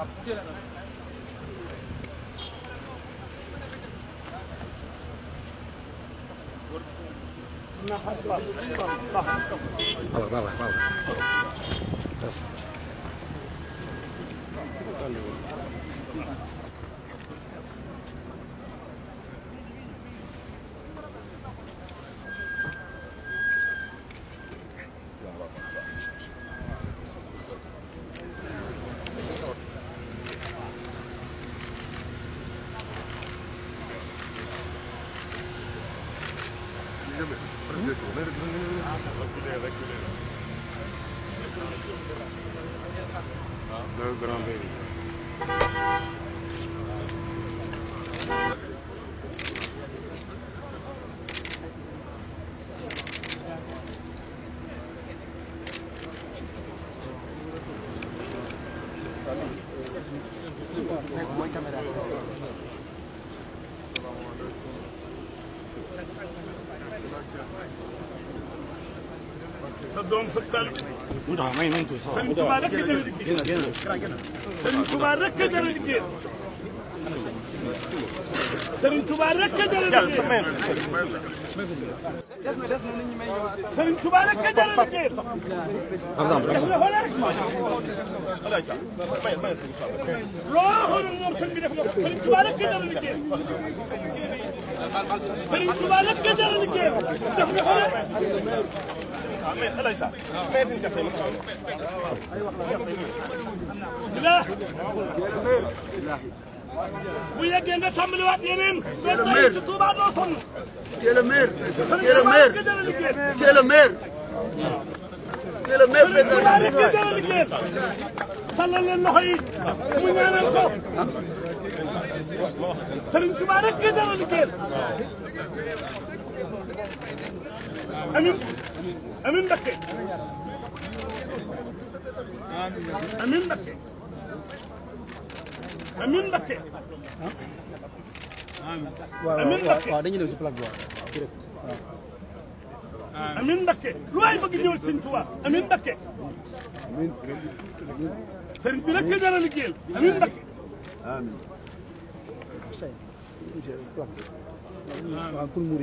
Baba, baba, baba. Idziemy. Recytujemy, recytujemy. Do gramy. Voy a camerar. sa doom sa talib. mu taxaw may nañ ko sa waaw mu taxaw génn génn. Serigne Touba rek ka dara di génn. Serigne Touba rek ka dara di génn. Serigne Touba rek ka dara di génn. loo xooloon moom sëñ bi def nga ko Serigne Touba rek ka dara di génn. Serigne Touba rek ka dara di génn def nga xoolal. bu yeggee nga tàmbaliwaat yeneen. mais tey ci Touba doo sonn. c'est le maire c'est le maire c'est le maire c'est le maire tàllal leen loxo yi mu ñaanal ko. Serigne Touba rek nga dara liggéeyal. amin amin Mbakke amin Mbakke amin Mbakke amin Mbakke amin Mbakke lu waay bëgg ñëw ci Sëñ amin Mbakke sëriñ bi rek ka jara liggéeyal waaw pour mu